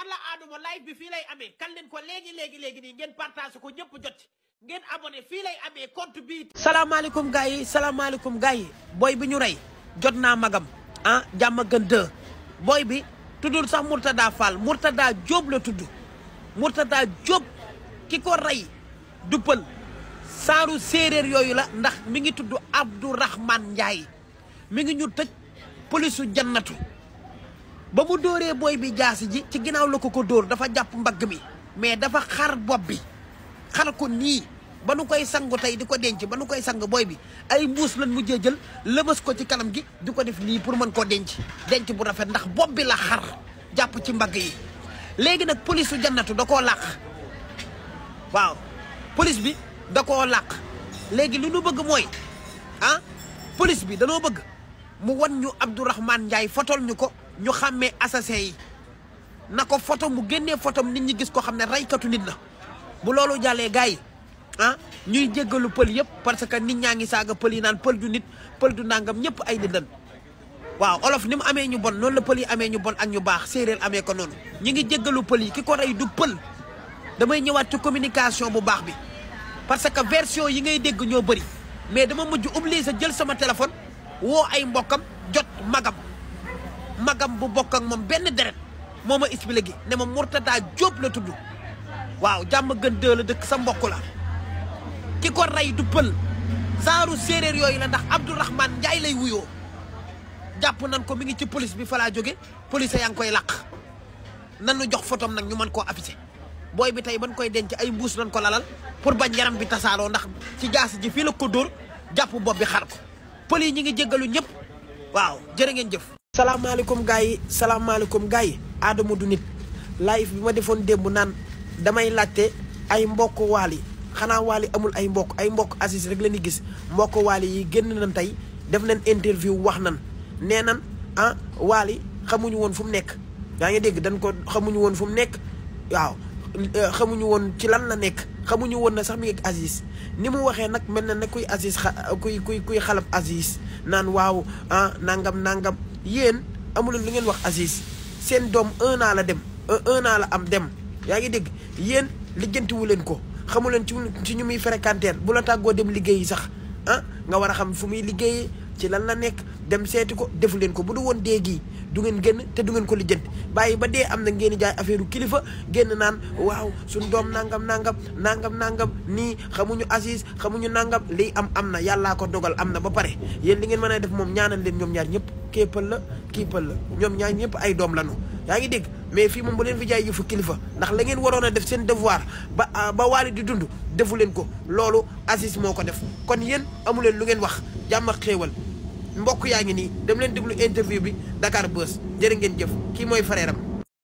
alla aaduma live bi fii lay amee kan leen ko léegi léegi léegi nii ngeen partage ko ñëpp jot ngeen abonné fii lay amee compte salaamaaleykum gars yi salaamaaleykum gars yi booy bi ñu rey jot naa magam ah jàmm gën dë booy bi tuddul sax Mourtada Fall Mourtada Diop la tudd Mourtada jóob ki ko rey du pël saaru séeréer yooyu la ndax mi ngi tudd Abdourahmane Ndiaye mi ngi ñu tëj polisu jannatu ba mu dóoree booy bi jaasi ji ci ginnaaw la ko ko dóor dafa jàpp mbagg mi mais dafa xar bopp bi xar ko nii ba nu koy sangu tey di ko denc ba nu koy sang booy bi ay mbuus lan mujjee jël lëmas ko ci kanam gi di ko def nii pour mën koo denc denc bu rafet ndax bopp bi la xar jàpp ci mbagg yi léegi nag police su jannatu da koo làq waaw police bi da koo làq léegi lu nu bëgg mooy ah police bi danoo bëgg mu wan ñu Abdourahmane Ndiaye fotol ñu ko ñu xàmmee assassin yi na ko photo mu génnee photo nit ñi gis ko xam ne raykatu nit la bu loolu jàllee gars yi ah ñuy jéggalu pël yëpp parce que nit ñaa ngi saaga pël yi naan pël du nit pël du nangam ñëpp ay nit lan waaw olof ni mu amee ñu bon noonu la pël yi amee ñu bon ak ñu baax séeréer amee ko noonu ñi ngi jéggalu pël yi ki ko rey du pël damay ñëwaat ci communication bu baax bi parce que version yi ngay dégg ñoo bëri mais dama mujj obligé sa jël sama téléphone woo ay mbokkam jot magam magam bu bokk ak moom benn deret moo ma gi ne ma Mourtada Diop la tudd waaw jàmm gën dëë la dëkk sa mbokk la ki ko rey du pël saaru séeréer yooyu la ndax Abdourahmane Ndiaye lay wuyoo jàpp nan ko mu ngi ci police bi falaa laa jóge police yaa ngi koy làq nan nu jox fotom nag ñu mën koo affiché booy bi tey ban koy denc ay mbuus nan ko lalal pour bañ yaram bi tasaaroo ndax ci jaas ji fii la ko dóor jàpp bopp bi xar ko pël yi ñi ngi jéggalu ñëpp waaw salaamaaleykum gaa yi salaamaaleykum gaa yi Adama du nit live bi ma defoon démb naan damay laajte ay mbokk waali xanaa waali amul ay mbokk ay mbokk Aziz rek la ñuy gis mbokk waali yi génn nañ tey def nañ interview wax nan nee na ah waali xamuñu woon fu mu nekk yaa ngi dégg dañ ko xamuñu woon fu mu nekk waaw euh, xamuñu woon ci lan la nekk xamuñu woon na sax mi ngi Aziz ni mu waxee nag mel na ne kuy Aziz kuy kuy kuy xalab Aziz naan waaw ah, nangam nangam yéen amuleen lu ngeen wax Aziz seen doom un la dem un la am dem yaa ngi dégg yéen lijjantiwu leen ko xamu leen ci ci ñu muy fréquenter bu la tàggoo dem liggéeyi sax ah nga war a xam fu muy liggéeyee ci lan la nekk dem seeti ko defu leen ko bu du woon dee du ngeen génn te du ngeen ko lijjanti bàyyi ba dee am na ngeen jaay affaire kilifa génn naan waaw suñ doom nangam nangam nangam nangam nii xamuñu Aziz xamuñu nangam lii am am na yàllaa ko dogal am na ba pare yéen li ngeen mën a def moom ñaanal leen ñoom ñaar ñëpp. kee pël la kii pël la ñoom ñaar ñëpp ay doom lañu yaa ngi dégg mais fii moom ba leen fi jaay yëfu kilifa ndax la ngeen waroon a def seen devoir ba ah, ba waali di dund defu leen ko loolu Aziz moo ko def kon yéen amu leen lu ngeen wax jàmm ak xéewal mbokk yaa ngi nii dem leen déglu interview bi dakaar Buzz jërë ngeen jëf kii mooy frère am